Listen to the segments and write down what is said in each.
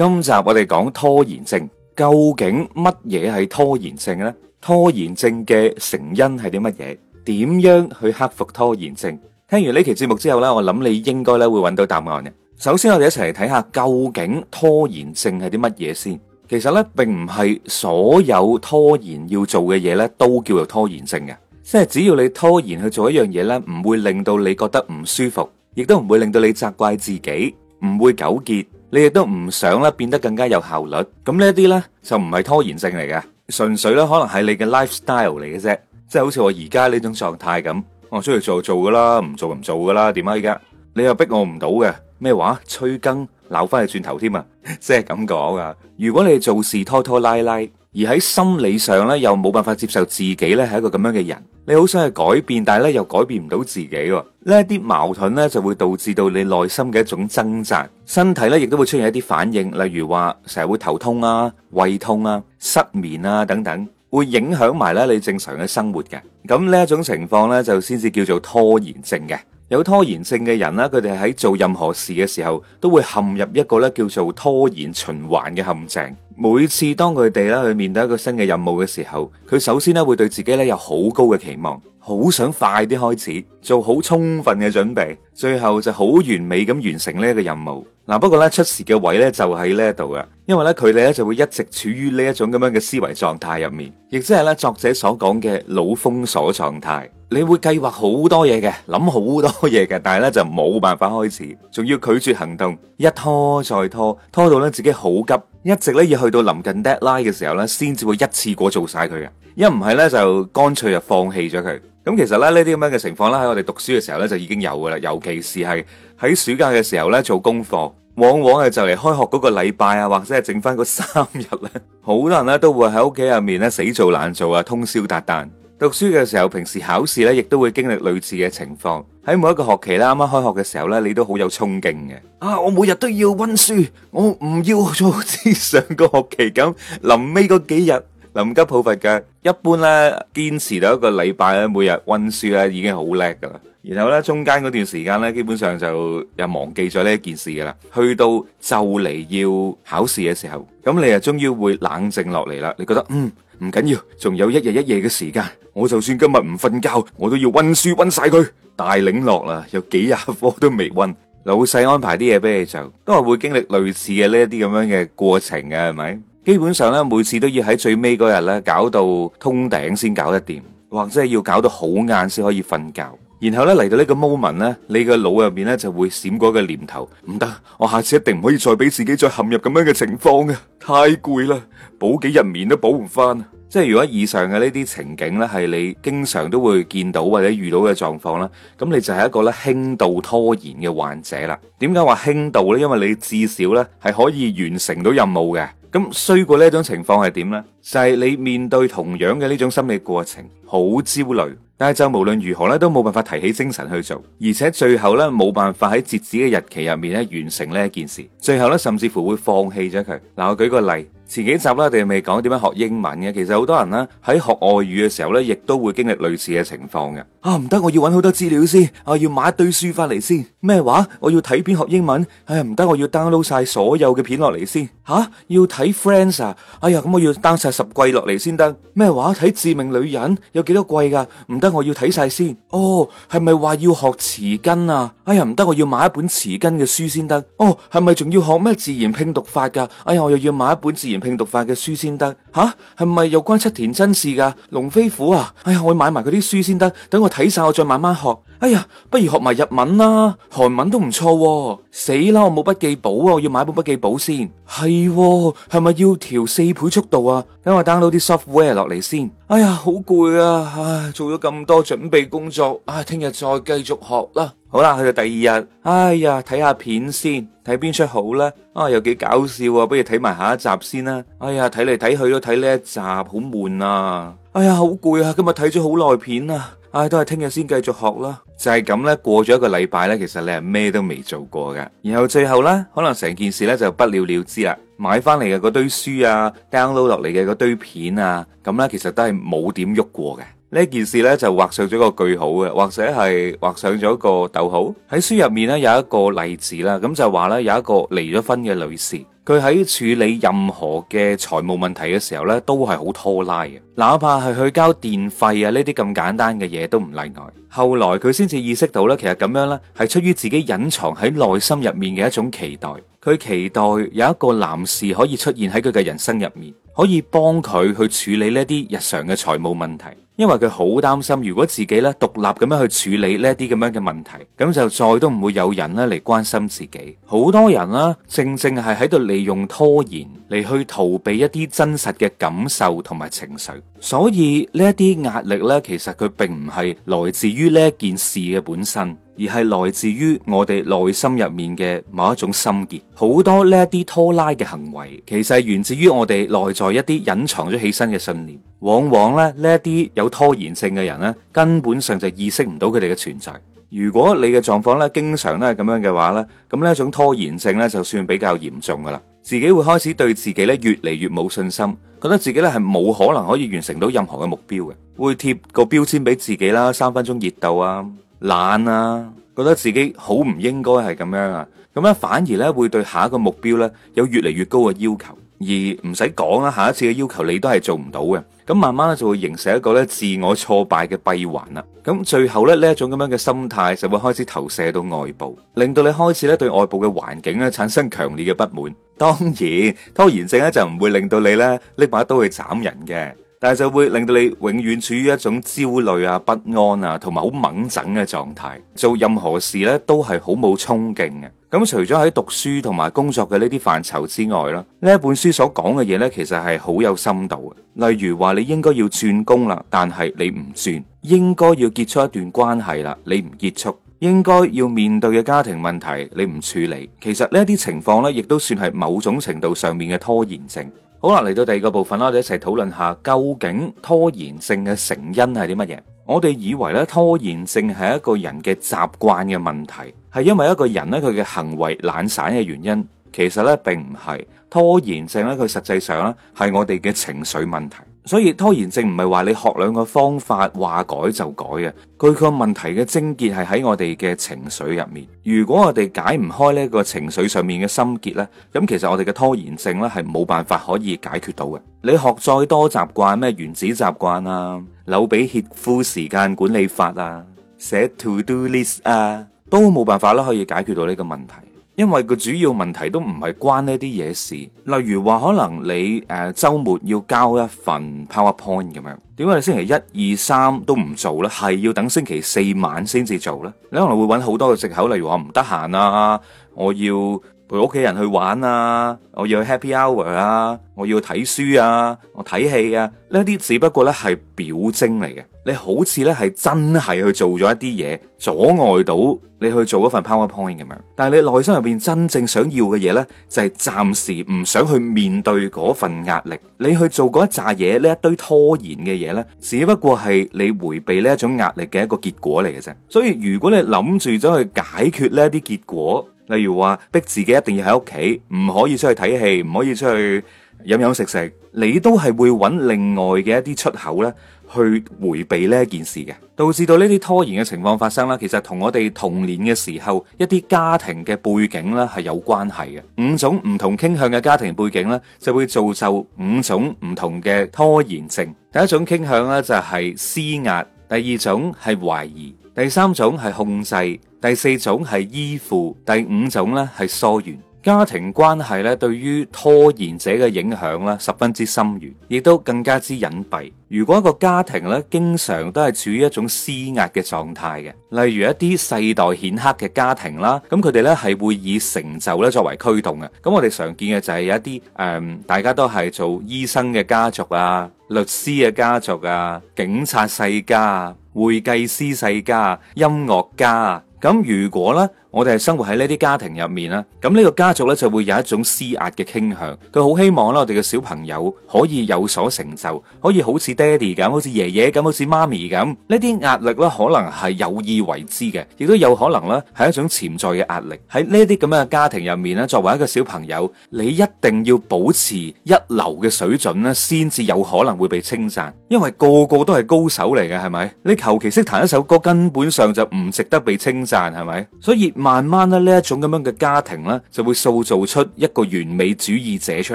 今集我哋講拖延症，究竟乜嘢係拖延症呢？拖延症嘅成因係啲乜嘢？點樣去克服拖延症？聽完呢期節目之後咧，我諗你應該咧會揾到答案嘅。首先，我哋一齊嚟睇下究竟拖延症係啲乜嘢先。其實咧，並唔係所有拖延要做嘅嘢咧都叫做拖延症嘅，即係只要你拖延去做一樣嘢咧，唔會令到你覺得唔舒服，亦都唔會令到你責怪自己，唔會糾結。你亦都唔想咧變得更加有效率，咁呢一啲咧就唔係拖延症嚟嘅，純粹咧可能係你嘅 lifestyle 嚟嘅啫，即係好似我而家呢種狀態咁，我出去做做噶啦，唔做唔做噶啦，點解依家？你又逼我唔到嘅咩話？催更鬧翻去轉頭添啊，即係咁講噶。如果你係做事拖拖拉拉，而喺心理上咧，又冇辦法接受自己咧係一個咁樣嘅人，你好想去改變，但係咧又改變唔到自己喎。呢一啲矛盾咧，就會導致到你內心嘅一種掙扎，身體咧亦都會出現一啲反應，例如話成日會頭痛啊、胃痛啊、失眠啊等等，會影響埋咧你正常嘅生活嘅。咁呢一種情況咧，就先至叫做拖延症嘅。有拖延症嘅人啦，佢哋喺做任何事嘅時候，都會陷入一個咧叫做拖延循環嘅陷阱。每次當佢哋咧去面對一個新嘅任務嘅時候，佢首先咧會對自己咧有好高嘅期望。好想快啲開始，做好充分嘅準備，最後就好完美咁完成呢一個任務。嗱、啊，不過咧出事嘅位咧就喺呢一度啊，因為咧佢哋咧就會一直處於呢一種咁樣嘅思維狀態入面，亦即係咧作者所講嘅腦封鎖狀態。你會計劃好多嘢嘅，諗好多嘢嘅，但係呢就冇辦法開始，仲要拒絕行動，一拖再拖，拖到呢自己好急，一直呢要去到臨近 deadline 嘅時候呢，先至會一次過做晒佢嘅。一唔係呢，就乾脆就放棄咗佢。咁其實咧，呢啲咁樣嘅情況咧，喺我哋讀書嘅時候呢，就已經有噶啦，尤其是係喺暑假嘅時候呢，做功課，往往係就嚟開學嗰個禮拜啊，或者係剩翻嗰三日咧，好多人呢，都會喺屋企入面呢，死做爛做啊，通宵達旦。讀書嘅時候，平時考試呢，亦都會經歷類似嘅情況。喺每一個學期呢，啱啱開學嘅時候呢，你都好有衝勁嘅。啊，我每日都要溫書，我唔要好似上個學期咁臨尾嗰幾日。臨急抱佛腳，一般咧堅持到一個禮拜咧，每日溫書咧已經好叻噶啦。然後咧中間嗰段時間咧，基本上就又忘記咗呢一件事噶啦。去到就嚟要考試嘅時候，咁你又終於會冷靜落嚟啦。你覺得嗯，唔緊要，仲有一日一夜嘅時間，我就算今日唔瞓覺，我都要溫書溫晒佢。大領落啦，有幾廿科都未溫，老細安排啲嘢俾你做，都係會經歷類似嘅呢一啲咁樣嘅過程嘅，係咪？基本上咧，每次都要喺最尾嗰日咧，搞到通頂先搞得掂，或者係要搞到好晏先可以瞓覺。然後咧嚟到呢個 moment 咧，你個腦入面咧就會閃過個念頭：唔得，我下次一定唔可以再俾自己再陷入咁樣嘅情況呀，太攰啦，補幾日眠都補唔翻。即係如果以上嘅呢啲情景咧，係你經常都會見到或者遇到嘅狀況啦，咁你就係一個咧輕度拖延嘅患者啦。點解話輕度咧？因為你至少咧係可以完成到任務嘅。咁衰過呢一種情況係點咧？就係你面對同樣嘅呢種心理過程，好焦慮。但係就無論如何咧，都冇辦法提起精神去做，而且最後咧冇辦法喺截止嘅日期入面咧完成呢一件事，最後咧甚至乎會放棄咗佢。嗱，我舉個例，前幾集啦，我哋未講點樣學英文嘅。其實好多人咧喺學外語嘅時候咧，亦都會經歷類似嘅情況嘅。啊，唔得，我要揾好多資料先，我要買一堆書返嚟先。咩話？我要睇片學英文？哎呀，唔得，我要 download 晒所有嘅片落嚟先。吓，要睇 Friends 啊？哎呀，咁我要 down 晒十季落嚟先得。咩話？睇致命女人有幾多季噶？唔得。我要睇晒先。哦，係咪話要學詞根啊？哎呀，唔得，我要買一本詞根嘅書先得。哦，係咪仲要學咩自然拼讀法噶？哎呀，我又要買一本自然拼讀法嘅書先得。吓、啊，係咪又關七田真事噶？龍飛虎啊，哎呀，我要買埋佢啲書先得。等我睇晒，我再慢慢學。哎呀，不如學埋日文啦，韓文都唔錯、啊。死啦！我冇筆記簿啊，我要買本筆記簿先。係喎，係咪要調四倍速度啊？等我 download 啲 software 落嚟先。哎呀，好攰啊！唉，做咗咁多準備工作，唉，聽日再繼續學啦。好啦，去到第二日，哎呀，睇下片先，睇邊出好呢？啊，又幾搞笑啊！不如睇埋下一集先啦。哎呀，睇嚟睇去都睇呢一集，好悶啊！哎呀，好攰啊！今日睇咗好耐片啊！唉、哎，都係聽日先繼續學啦。就係咁呢，過咗一個禮拜呢，其實你係咩都未做過嘅。然後最後呢，可能成件事呢就不了了之啦。買翻嚟嘅嗰堆書啊，download 落嚟嘅嗰堆片啊，咁呢其實都係冇點喐過嘅。呢件事呢，就畫上咗一個句號嘅，或者係畫上咗一個逗號。喺書入面呢，有一個例子啦，咁就話呢，有一個離咗婚嘅女士。佢喺處理任何嘅財務問題嘅時候呢，都係好拖拉嘅，哪怕係去交電費啊呢啲咁簡單嘅嘢，都唔例外。後來佢先至意識到呢，其實咁樣呢，係出於自己隱藏喺內心入面嘅一種期待，佢期待有一個男士可以出現喺佢嘅人生入面。可以幫佢去處理呢啲日常嘅財務問題，因為佢好擔心，如果自己咧獨立咁樣去處理呢啲咁樣嘅問題，咁就再都唔會有人咧嚟關心自己。好多人啦，正正係喺度利用拖延嚟去逃避一啲真實嘅感受同埋情緒，所以呢一啲壓力呢，其實佢並唔係來自於呢一件事嘅本身。而係來自於我哋內心入面嘅某一種心結，好多呢一啲拖拉嘅行為，其實係源自於我哋內在一啲隱藏咗起身嘅信念。往往咧呢一啲有拖延症嘅人咧，根本上就意識唔到佢哋嘅存在。如果你嘅狀況咧經常都係咁樣嘅話咧，咁呢一種拖延症咧就算比較嚴重噶啦，自己會開始對自己咧越嚟越冇信心，覺得自己咧係冇可能可以完成到任何嘅目標嘅，會貼個標籤俾自己啦，三分鐘熱度啊。懶啊，覺得自己好唔應該係咁樣啊，咁樣反而咧會對下一個目標咧有越嚟越高嘅要求，而唔使講啦，下一次嘅要求你都係做唔到嘅，咁慢慢咧就會形成一個咧自我挫敗嘅閉環啦。咁最後咧呢一種咁樣嘅心態就會開始投射到外部，令到你開始咧對外部嘅環境咧產生強烈嘅不滿。當然，拖延症咧就唔會令到你咧拎把刀去斬人嘅。但係就會令到你永遠處於一種焦慮啊、不安啊，同埋好矇憎嘅狀態。做任何事咧都係好冇衝勁嘅。咁、嗯、除咗喺讀書同埋工作嘅呢啲範疇之外啦，呢一本書所講嘅嘢咧，其實係好有深度嘅。例如話你應該要轉工啦，但係你唔轉；應該要結束一段關係啦，你唔結束；應該要面對嘅家庭問題你唔處理。其實呢啲情況咧，亦都算係某種程度上面嘅拖延症。好啦，嚟到第二個部分啦，我哋一齊討論下究竟拖延症嘅成因係啲乜嘢？我哋以為咧拖延症係一個人嘅習慣嘅問題，係因為一個人咧佢嘅行為懶散嘅原因，其實咧並唔係拖延症咧，佢實際上咧係我哋嘅情緒問題。所以拖延症唔係話你學兩個方法話改就改嘅，佢個問題嘅症結係喺我哋嘅情緒入面。如果我哋解唔開呢個情緒上面嘅心結咧，咁其實我哋嘅拖延症咧係冇辦法可以解決到嘅。你學再多習慣，咩原子習慣啊、柳比歇夫時間管理法啊、寫 to do list 啊，都冇辦法啦，可以解決到呢個問題。因為個主要問題都唔係關呢啲嘢事，例如話可能你誒、呃、週末要交一份 PowerPoint 咁樣，點解你星期一、二、三都唔做呢？係要等星期四晚先至做呢？你可能會揾好多個藉口，例如話唔得閒啊，我要陪屋企人去玩啊！我要去 Happy Hour 啊！我要睇書啊！我睇戲啊！呢啲只不過咧係表徵嚟嘅，你好似咧係真係去做咗一啲嘢，阻礙到你去做嗰份 PowerPoint 咁樣。但係你內心入邊真正想要嘅嘢咧，就係暫時唔想去面對嗰份壓力。你去做嗰一紮嘢，呢一堆拖延嘅嘢咧，只不過係你回避呢一種壓力嘅一個結果嚟嘅啫。所以如果你諗住咗去解決呢一啲結果，例如話逼自己一定要喺屋企，唔可以出去睇戲，唔可以出去飲飲食食，你都係會揾另外嘅一啲出口呢，去回避呢一件事嘅，導致到呢啲拖延嘅情況發生啦。其實同我哋童年嘅時候一啲家庭嘅背景呢係有關係嘅。五種唔同傾向嘅家庭背景呢，就會造就五種唔同嘅拖延症。第一種傾向呢就係施壓，第二種係懷疑，第三種係控制。第四種係依附，第五種咧係疏遠。家庭關係咧對於拖延者嘅影響咧十分之深遠，亦都更加之隱蔽。如果一個家庭咧經常都係處於一種施壓嘅狀態嘅，例如一啲世代顯赫嘅家庭啦，咁佢哋咧係會以成就咧作為驅動嘅。咁我哋常見嘅就係有一啲誒、呃，大家都係做醫生嘅家族啊、律師嘅家族啊、警察世家啊、會計師世家、音樂家咁如果咧，我哋係生活喺呢啲家庭入面啦，咁呢個家族呢就會有一種施壓嘅傾向，佢好希望呢，我哋嘅小朋友可以有所成就，可以好似爹哋咁，好似爺爺咁，好似媽咪咁。呢啲壓力呢可能係有意為之嘅，亦都有可能呢係一種潛在嘅壓力。喺呢啲咁樣嘅家庭入面呢，作為一個小朋友，你一定要保持一流嘅水準呢，先至有可能會被稱讚。因為個個都係高手嚟嘅，係咪？你求其識彈一首歌，根本上就唔值得被稱讚，係咪？所以。慢慢咧，呢一種咁樣嘅家庭呢，就會塑造出一個完美主義者出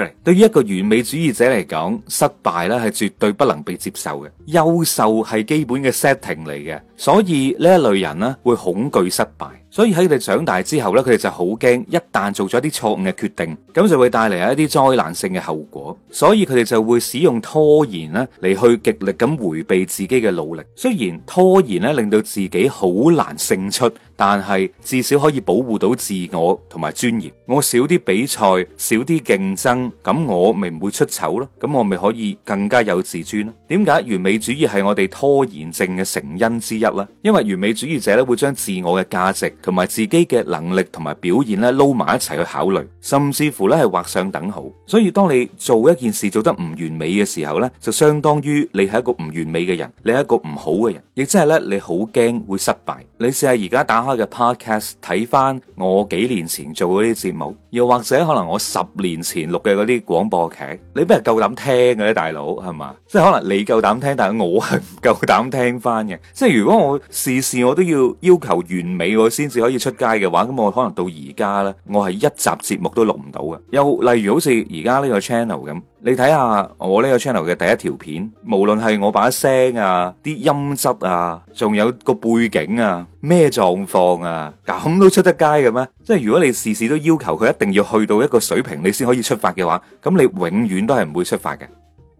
嚟。對於一個完美主義者嚟講，失敗咧，係絕對不能被接受嘅。優秀係基本嘅 setting 嚟嘅，所以呢一類人呢會恐懼失敗。所以喺佢哋長大之後呢，佢哋就好驚一旦做咗一啲錯誤嘅決定，咁就會帶嚟一啲災難性嘅後果。所以佢哋就會使用拖延呢嚟去極力咁回避自己嘅努力。雖然拖延呢令到自己好難勝出。但係至少可以保護到自我同埋尊嚴。我少啲比賽，少啲競爭，咁我咪唔會出醜咯。咁我咪可以更加有自尊。點解完美主義係我哋拖延症嘅成因之一咧？因為完美主義者咧會將自我嘅價值同埋自己嘅能力同埋表現咧撈埋一齊去考慮，甚至乎咧係畫上等號。所以當你做一件事做得唔完美嘅時候咧，就相當於你係一個唔完美嘅人，你係一個唔好嘅人，亦即係咧你好驚會失敗。你試下而家打嘅 podcast 睇翻我幾年前做嗰啲節目，又或者可能我十年前錄嘅嗰啲廣播劇，你邊係夠膽聽嘅咧，大佬係嘛？即係可能你夠膽聽，但係我係唔夠膽聽翻嘅。即係如果我事事我都要要求完美，我先至可以出街嘅話，咁我可能到而家呢，我係一集節目都錄唔到嘅。又例如好似而家呢個 channel 咁，你睇下我呢個 channel 嘅第一條片，無論係我把聲啊、啲音質啊，仲有個背景啊，咩狀況？當啊，咁都出得街嘅咩？即係如果你事事都要求佢一定要去到一個水平，你先可以出發嘅話，咁你永遠都係唔會出發嘅。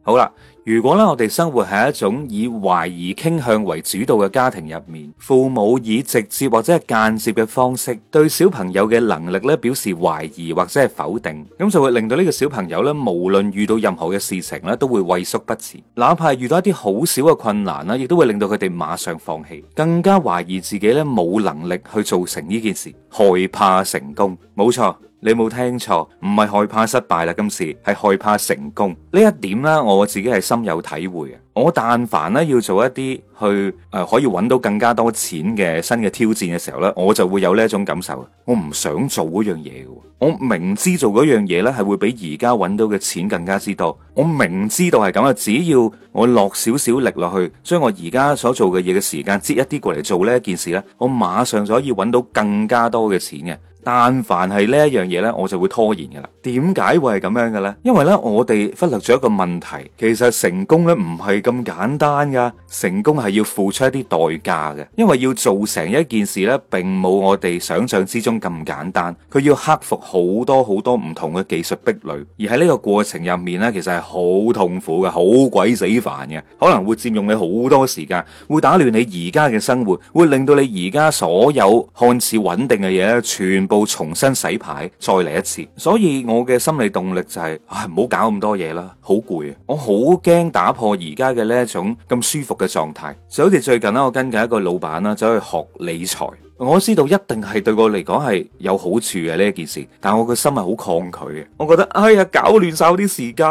好啦，如果咧我哋生活喺一種以懷疑傾向為主導嘅家庭入面，父母以直接或者係間接嘅方式對小朋友嘅能力咧表示懷疑或者係否定，咁就會令到呢個小朋友咧無論遇到任何嘅事情咧都會畏縮不前，哪怕遇到一啲好少嘅困難啦，亦都會令到佢哋馬上放棄，更加懷疑自己咧冇能力去做成呢件事，害怕成功，冇錯。你冇聽錯，唔係害怕失敗啦，今次係害怕成功，呢一點呢，我自己係深有體會嘅。我但凡咧要做一啲去誒、呃、可以搵到更加多錢嘅新嘅挑戰嘅時候呢，我就會有呢一種感受，我唔想做嗰樣嘢，我明知做嗰樣嘢呢係會比而家搵到嘅錢更加之多，我明知道係咁啊，只要我落少少力落去，將我而家所做嘅嘢嘅時間擠一啲過嚟做呢一件事呢，我馬上就可以搵到更加多嘅錢嘅。但凡係呢一樣嘢咧，我就會拖延噶啦。點解會係咁樣嘅咧？因為咧，我哋忽略咗一個問題，其實成功咧唔係咁簡單噶。成功係要付出一啲代價嘅，因為要做成一件事咧，並冇我哋想象之中咁簡單，佢要克服好多好多唔同嘅技術壁壘，而喺呢個過程入面咧，其實係好痛苦嘅，好鬼死煩嘅，可能會佔用你好多時間，會打亂你而家嘅生活，會令到你而家所有看似穩定嘅嘢咧，全部。重新洗牌，再嚟一次，所以我嘅心理動力就係，唉，唔好搞咁多嘢啦，好攰，啊。我好驚打破而家嘅呢一種咁舒服嘅狀態，就好似最近咧，我跟緊一個老闆啦，走去學理財。我知道一定係對我嚟講係有好處嘅呢一件事，但我個心係好抗拒嘅。我覺得哎呀，搞亂晒我啲時間，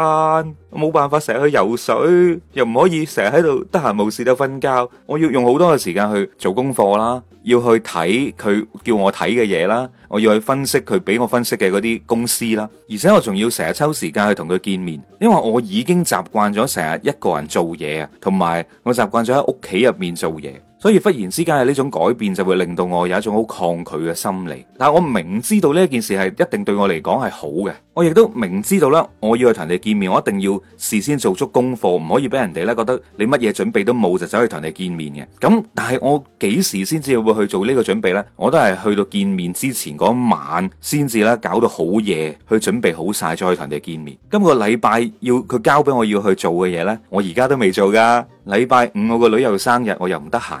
冇辦法成日去游水，又唔可以成日喺度得閒無事都瞓覺。我要用好多嘅時間去做功課啦，要去睇佢叫我睇嘅嘢啦，我要去分析佢俾我分析嘅嗰啲公司啦，而且我仲要成日抽時間去同佢見面，因為我已經習慣咗成日一個人做嘢啊，同埋我習慣咗喺屋企入面做嘢。所以忽然之間係呢種改變，就會令到我有一種好抗拒嘅心理。但係我明知道呢件事係一定對我嚟講係好嘅，我亦都明知道啦，我要去同人哋見面，我一定要事先做足功課，唔可以俾人哋咧覺得你乜嘢準備都冇就走去同人哋見面嘅。咁但係我幾時先至會去做呢個準備呢？我都係去到見面之前嗰晚，先至咧搞到好夜去準備好曬，再去同人哋見面。今個禮拜要佢交俾我要去做嘅嘢呢，我而家都未做噶。禮拜五我個女友生日，我又唔得閒。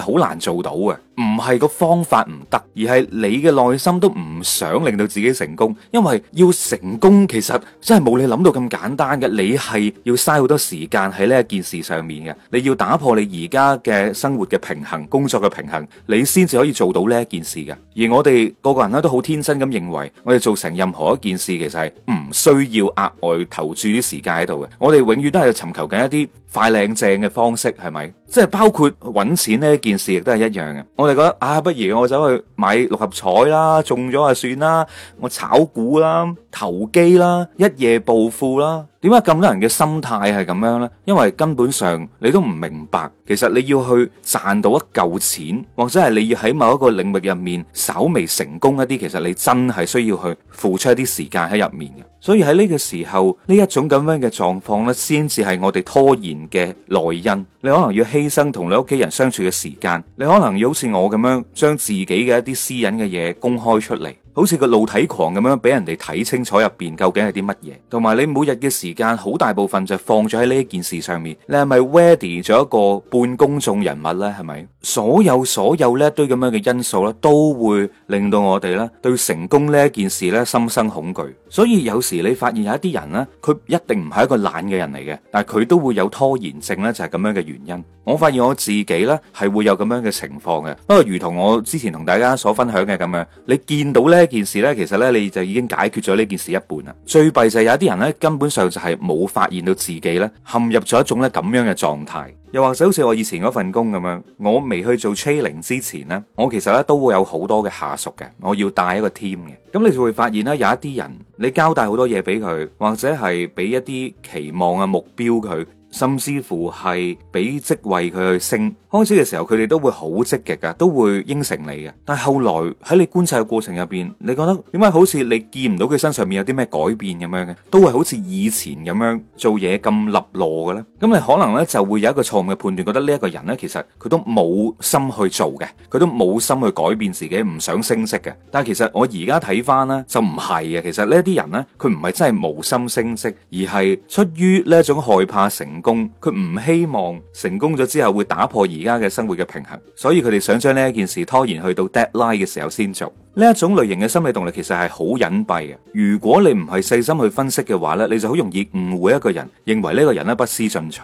好難做到啊！ 唔係個方法唔得，而係你嘅內心都唔想令到自己成功，因為要成功其實真係冇你諗到咁簡單嘅。你係要嘥好多時間喺呢一件事上面嘅，你要打破你而家嘅生活嘅平衡，工作嘅平衡，你先至可以做到呢一件事嘅。而我哋個個人咧都好天真咁認為，我哋做成任何一件事其實係唔需要額外投注啲時間喺度嘅。我哋永遠都係尋求緊一啲快、靚、正嘅方式，係咪？即係包括揾錢呢一件事亦都係一樣嘅。我。就覺得啊，不如我走去買六合彩啦，中咗就算啦，我炒股啦。投機啦，一夜暴富啦，點解咁多人嘅心態係咁樣呢？因為根本上你都唔明白，其實你要去賺到一嚿錢，或者係你要喺某一個領域入面稍微成功一啲，其實你真係需要去付出一啲時間喺入面嘅。所以喺呢個時候，呢一種咁樣嘅狀況呢，先至係我哋拖延嘅內因。你可能要犧牲同你屋企人相處嘅時間，你可能要好似我咁樣將自己嘅一啲私隱嘅嘢公開出嚟。好似個露體狂咁樣，俾人哋睇清楚入邊究竟係啲乜嘢，同埋你每日嘅時間好大部分就放咗喺呢一件事上面，你係咪 ready 咗一個半公眾人物呢？係咪？所有所有呢一堆咁樣嘅因素咧，都會令到我哋咧對成功呢一件事咧心生恐懼。所以有時你發現有一啲人呢，佢一定唔係一個懶嘅人嚟嘅，但係佢都會有拖延症呢，就係咁樣嘅原因。我發現我自己呢，係會有咁樣嘅情況嘅，不過如同我之前同大家所分享嘅咁樣，你見到呢。呢件事呢，其實呢，你就已經解決咗呢件事一半啦。最弊就係有啲人呢，根本上就係冇發現到自己呢，陷入咗一種咧咁樣嘅狀態。又或者好似我以前嗰份工咁樣，我未去做 training 之前呢，我其實呢都會有好多嘅下屬嘅，我要帶一個 team 嘅。咁你就會發現呢，有一啲人你交代好多嘢俾佢，或者係俾一啲期望嘅目標佢。甚至乎係俾職位佢去升，開始嘅時候佢哋都會好積極嘅，都會應承你嘅。但係後來喺你觀察嘅過程入邊，你覺得點解好似你見唔到佢身上面有啲咩改變咁樣嘅？都會好似以前咁樣做嘢咁立落嘅咧。咁你可能咧就會有一個錯誤嘅判斷，覺得呢一個人咧其實佢都冇心去做嘅，佢都冇心去改變自己，唔想升職嘅。但係其實我而家睇翻咧就唔係嘅，其實呢一啲人咧佢唔係真係冇心升職，而係出於呢一種害怕成工佢唔希望成功咗之後會打破而家嘅生活嘅平衡，所以佢哋想將呢一件事拖延去到 deadline 嘅時候先做。呢一種類型嘅心理動力其實係好隱蔽嘅。如果你唔係細心去分析嘅話咧，你就好容易誤會一個人，認為呢個人咧不思進取。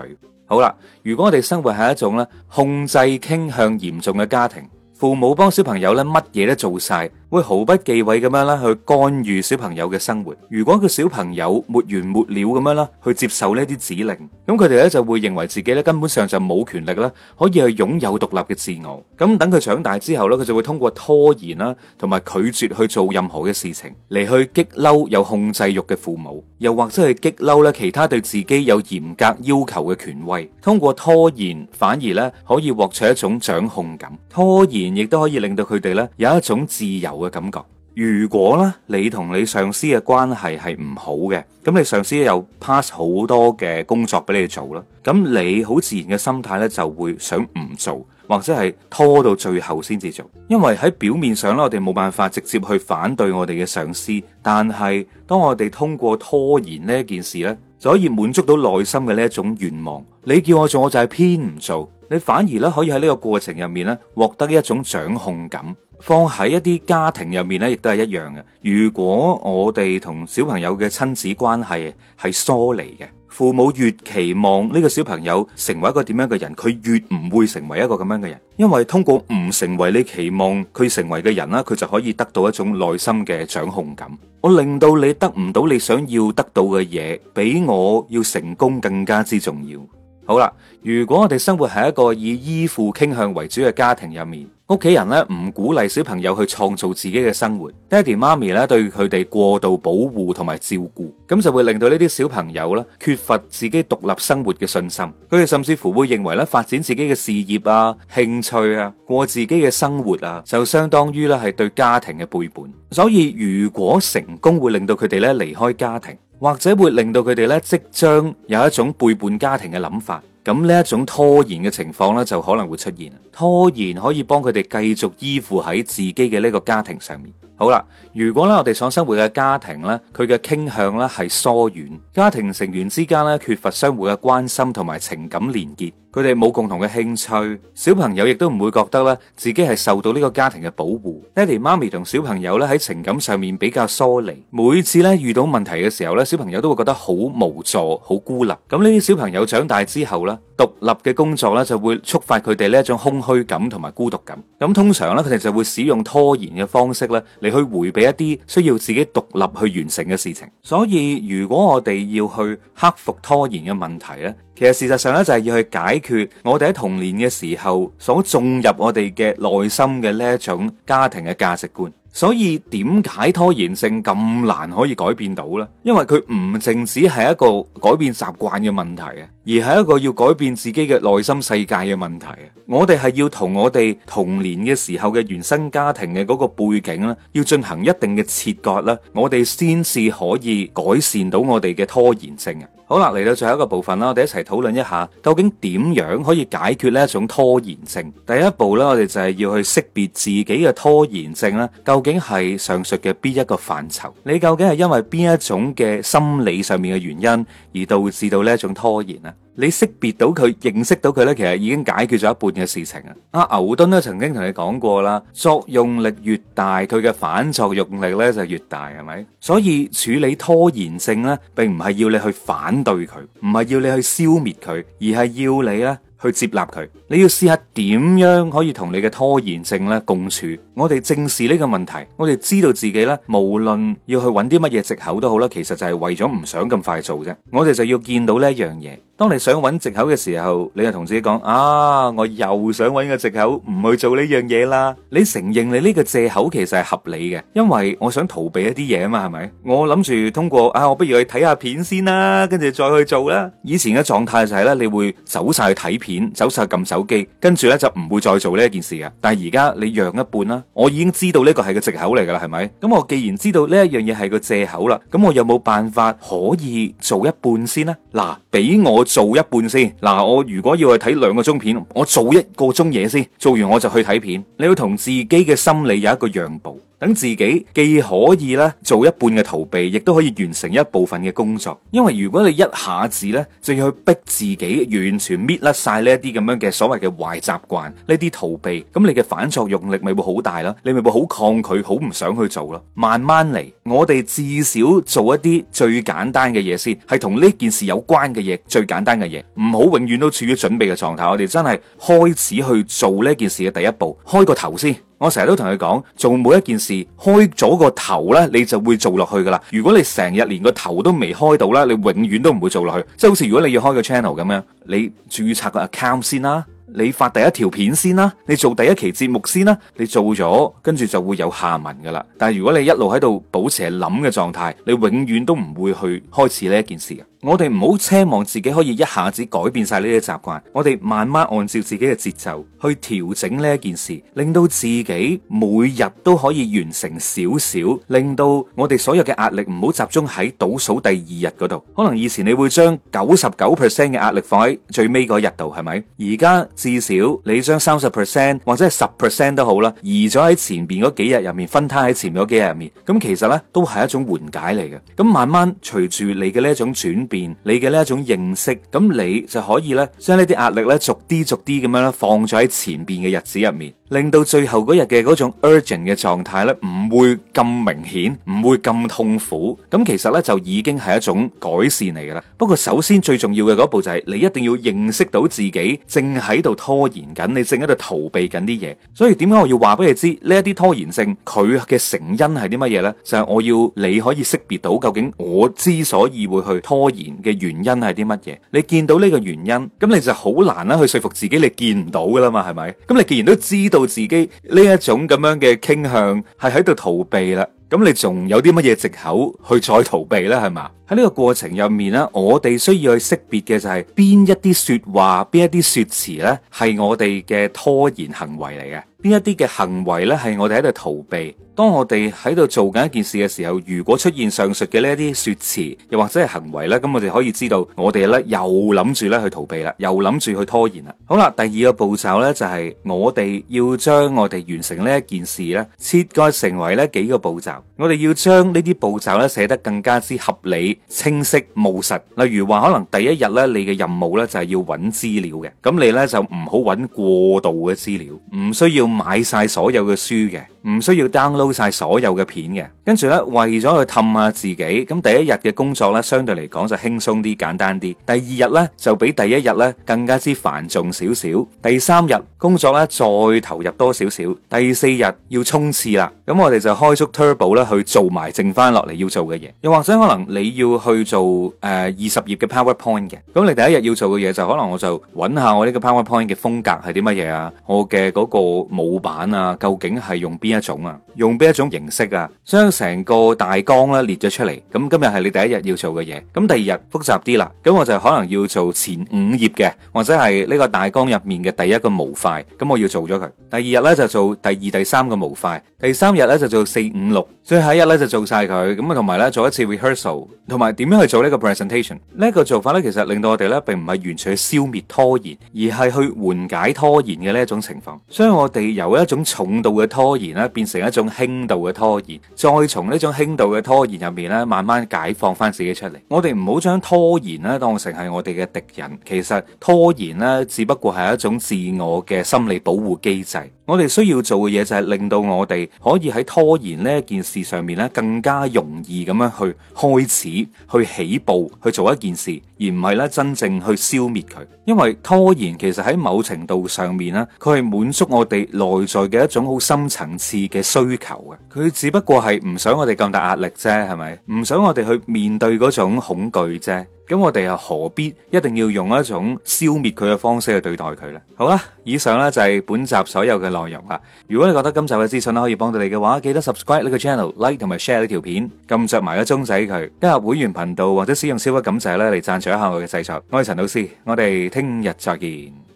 好啦，如果我哋生活係一種咧控制傾向嚴重嘅家庭，父母幫小朋友咧乜嘢都做晒。會毫不忌諱咁樣啦去干預小朋友嘅生活。如果個小朋友沒完沒了咁樣啦去接受呢啲指令，咁佢哋咧就會認為自己咧根本上就冇權力啦，可以去擁有獨立嘅自我。咁等佢長大之後咧，佢就會通過拖延啦，同埋拒絕去做任何嘅事情嚟去激嬲有控制欲嘅父母，又或者係激嬲咧其他對自己有嚴格要求嘅權威。通過拖延，反而咧可以獲取一種掌控感。拖延亦都可以令到佢哋咧有一種自由嘅感覺，如果咧你同你上司嘅關係係唔好嘅，咁你上司又 pass 好多嘅工作俾你做啦，咁你好自然嘅心態咧就會想唔做，或者係拖到最後先至做，因為喺表面上咧我哋冇辦法直接去反對我哋嘅上司，但係當我哋通過拖延呢一件事咧，就可以滿足到內心嘅呢一種願望。你叫我做我就係偏唔做，你反而咧可以喺呢個過程入面咧獲得呢一種掌控感。放喺一啲家庭入面咧，亦都係一樣嘅。如果我哋同小朋友嘅親子關係係疏離嘅，父母越期望呢個小朋友成為一個點樣嘅人，佢越唔會成為一個咁樣嘅人。因為通過唔成為你期望佢成為嘅人啦，佢就可以得到一種內心嘅掌控感。我令到你得唔到你想要得到嘅嘢，比我要成功更加之重要。好啦，如果我哋生活喺一個以依附傾向為主嘅家庭入面。屋企人咧，唔鼓勵小朋友去創造自己嘅生活，爹哋媽咪咧對佢哋過度保護同埋照顧，咁就會令到呢啲小朋友咧缺乏自己獨立生活嘅信心，佢哋甚至乎會認為咧發展自己嘅事業啊、興趣啊、過自己嘅生活啊，就相當於咧係對家庭嘅背叛。所以如果成功會令到佢哋咧離開家庭，或者會令到佢哋咧即將有一種背叛家庭嘅諗法。咁呢一種拖延嘅情況咧，就可能會出現。拖延可以幫佢哋繼續依附喺自己嘅呢個家庭上面。好啦，如果咧我哋所生活嘅家庭咧，佢嘅傾向咧係疏遠，家庭成員之間咧缺乏相互嘅關心同埋情感連結。佢哋冇共同嘅興趣，小朋友亦都唔會覺得咧自己係受到呢個家庭嘅保護。爹哋媽咪同小朋友咧喺情感上面比較疏離，每次咧遇到問題嘅時候咧，小朋友都會覺得好無助、好孤立。咁呢啲小朋友長大之後咧，獨立嘅工作咧就會觸發佢哋呢一種空虛感同埋孤獨感。咁通常咧，佢哋就會使用拖延嘅方式咧嚟去回避一啲需要自己獨立去完成嘅事情。所以如果我哋要去克服拖延嘅問題咧。其實事實上咧，就係要去解決我哋喺童年嘅時候所種入我哋嘅內心嘅呢一種家庭嘅價值觀。所以點解拖延症咁難可以改變到呢？因為佢唔淨止係一個改變習慣嘅問題啊，而係一個要改變自己嘅內心世界嘅問題啊。我哋係要同我哋童年嘅時候嘅原生家庭嘅嗰個背景咧，要進行一定嘅切割啦，我哋先至可以改善到我哋嘅拖延症啊。好啦，嚟到最後一個部分啦，我哋一齊討論一下，究竟點樣可以解決呢一種拖延症？第一步咧，我哋就係要去識別自己嘅拖延症咧，究竟係上述嘅邊一個範疇？你究竟係因為邊一種嘅心理上面嘅原因，而導致到呢一種拖延呢？你識別到佢，認識到佢呢，其實已經解決咗一半嘅事情啊！阿牛頓呢，曾經同你講過啦，作用力越大，佢嘅反作用力呢就越大，係咪？所以處理拖延症呢，並唔係要你去反對佢，唔係要你去消滅佢，而係要你呢去接納佢。你要試下點樣可以同你嘅拖延症呢共處。我哋正視呢個問題，我哋知道自己呢，無論要去揾啲乜嘢藉口都好啦，其實就係為咗唔想咁快做啫。我哋就要見到呢一樣嘢。當你想揾藉口嘅時候，你就同自己講啊，我又想揾個藉口，唔去做呢樣嘢啦。你承認你呢個藉口其實係合理嘅，因為我想逃避一啲嘢啊嘛，係咪？我諗住通過啊，我不如去睇下片先啦，跟住再去做啦。以前嘅狀態就係咧，你會走晒去睇片，走晒撳手機，跟住咧就唔會再做呢一件事嘅。但係而家你讓一半啦，我已經知道呢個係個藉口嚟噶啦，係咪？咁我既然知道呢一樣嘢係個藉口啦，咁我有冇辦法可以做一半先咧？嗱，俾我。做一半先，嗱，我如果要去睇兩個鐘片，我做一個鐘嘢先，做完我就去睇片。你要同自己嘅心理有一個讓步。等自己既可以咧做一半嘅逃避，亦都可以完成一部分嘅工作。因為如果你一下子呢就要去逼自己完全搣甩晒呢啲咁樣嘅所謂嘅壞習慣，呢啲逃避，咁你嘅反作用力咪會好大咯？你咪會好抗拒，好唔想去做咯。慢慢嚟，我哋至少做一啲最簡單嘅嘢先，係同呢件事有關嘅嘢，最簡單嘅嘢，唔好永遠都處於準備嘅狀態。我哋真係開始去做呢件事嘅第一步，開個頭先。我成日都同佢講，做每一件事，開咗個頭呢，你就會做落去噶啦。如果你成日連個頭都未開到呢，你永遠都唔會做落去。即係好似如果你要開個 channel 咁樣，你註冊個 account 先啦，啊，你發第一條片先啦，啊，你做第一期節目先啦，啊，你做咗，跟住就會有下文噶啦。但係如果你一路喺度保持係諗嘅狀態，你永遠都唔會去開始呢一件事。我哋唔好奢望自己可以一下子改變晒呢啲習慣，我哋慢慢按照自己嘅節奏去調整呢一件事，令到自己每日都可以完成少少，令到我哋所有嘅壓力唔好集中喺倒數第二日度。可能以前你會將九十九 percent 嘅壓力放喺最尾嗰日度，係咪？而家至少你將三十 percent 或者係十 percent 都好啦，移咗喺前邊嗰幾日入面，分攤喺前面嗰幾日入面，咁其實咧都係一種緩解嚟嘅。咁慢慢隨住你嘅呢一種轉變。你嘅呢一種認識，咁你就可以咧，將呢啲壓力咧，逐啲逐啲咁樣咧，放咗喺前邊嘅日子入面。令到最後嗰日嘅嗰種 urgent 嘅狀態呢，唔會咁明顯，唔會咁痛苦。咁其實呢，就已經係一種改善嚟噶啦。不過首先最重要嘅一步就係你一定要認識到自己正喺度拖延緊，你正喺度逃避緊啲嘢。所以點解我要話俾你知呢一啲拖延性佢嘅成因係啲乜嘢呢？就係我要你可以識別到究竟我之所以會去拖延嘅原因係啲乜嘢。你見到呢個原因，咁你就好難啦去說服自己你見唔到噶啦嘛，係咪？咁你既然都知道。到自己呢一種咁樣嘅傾向係喺度逃避啦，咁你仲有啲乜嘢借口去再逃避咧？係嘛？喺呢個過程入面咧，我哋需要去識別嘅就係、是、邊一啲說話，邊一啲說詞呢係我哋嘅拖延行為嚟嘅。邊一啲嘅行為呢係我哋喺度逃避。當我哋喺度做緊一件事嘅時候，如果出現上述嘅呢一啲說詞，又或者係行為呢，咁我哋可以知道，我哋呢又諗住咧去逃避啦，又諗住去拖延啦。好啦，第二個步驟呢，就係、是、我哋要將我哋完成呢一件事呢切割成為呢幾個步驟。我哋要將呢啲步驟呢寫得更加之合理。清晰務實，例如話可能第一日呢，你嘅任務呢，就係要揾資料嘅，咁你呢，就唔好揾過度嘅資料，唔需要買晒所有嘅書嘅。唔需要 download 曬所有嘅片嘅，跟住咧為咗去氹下自己，咁第一日嘅工作咧相對嚟講就輕鬆啲簡單啲，第二日咧就比第一日咧更加之繁重少少，第三日工作咧再投入多少少，第四日要衝刺啦，咁我哋就開足 turbo 咧去做埋剩翻落嚟要做嘅嘢，又或者可能你要去做誒二十頁嘅 PowerPoint 嘅，咁你第一日要做嘅嘢就可能我就揾下我呢個 PowerPoint 嘅風格係啲乜嘢啊，我嘅嗰個模板啊究竟係用邊一種啊，用邊一種形式啊，將成個大綱咧列咗出嚟。咁今日係你第一日要做嘅嘢，咁第二日複雜啲啦，咁我就可能要做前五頁嘅，或者係呢個大綱入面嘅第一個模塊，咁我要做咗佢。第二日咧就做第二、第三個模塊，第三日咧就做四、五、六，最後一日咧就做晒佢。咁啊，同埋咧做一次 rehearsal，同埋點樣去做呢個 presentation。呢一個做法咧，其實令到我哋咧，並唔係完全消滅拖延，而係去緩解拖延嘅呢一種情況。所以我哋由一種重度嘅拖延啦。變成一種輕度嘅拖延，再從呢種輕度嘅拖延入面咧，慢慢解放返自己出嚟。我哋唔好將拖延咧當成係我哋嘅敵人。其實拖延咧只不過係一種自我嘅心理保護機制。我哋需要做嘅嘢就係令到我哋可以喺拖延呢件事上面咧，更加容易咁樣去開始、去起步、去做一件事，而唔係咧真正去消滅佢。因為拖延其實喺某程度上面咧，佢係滿足我哋內在嘅一種好深層次嘅需求嘅，佢只不過係唔想我哋咁大壓力啫，係咪？唔想我哋去面對嗰種恐懼啫。咁我哋又何必一定要用一種消滅佢嘅方式去對待佢呢？好啦，以上呢就係本集所有嘅內容啦。如果你覺得今集嘅資訊咧可以幫到你嘅話，記得 subscribe 呢個 channel、like 同埋 share 呢條片，撳著埋個鐘仔佢，加入會員頻道，或者使用小額感謝呢嚟贊助一下我嘅製作。我係陳老師，我哋聽日再見。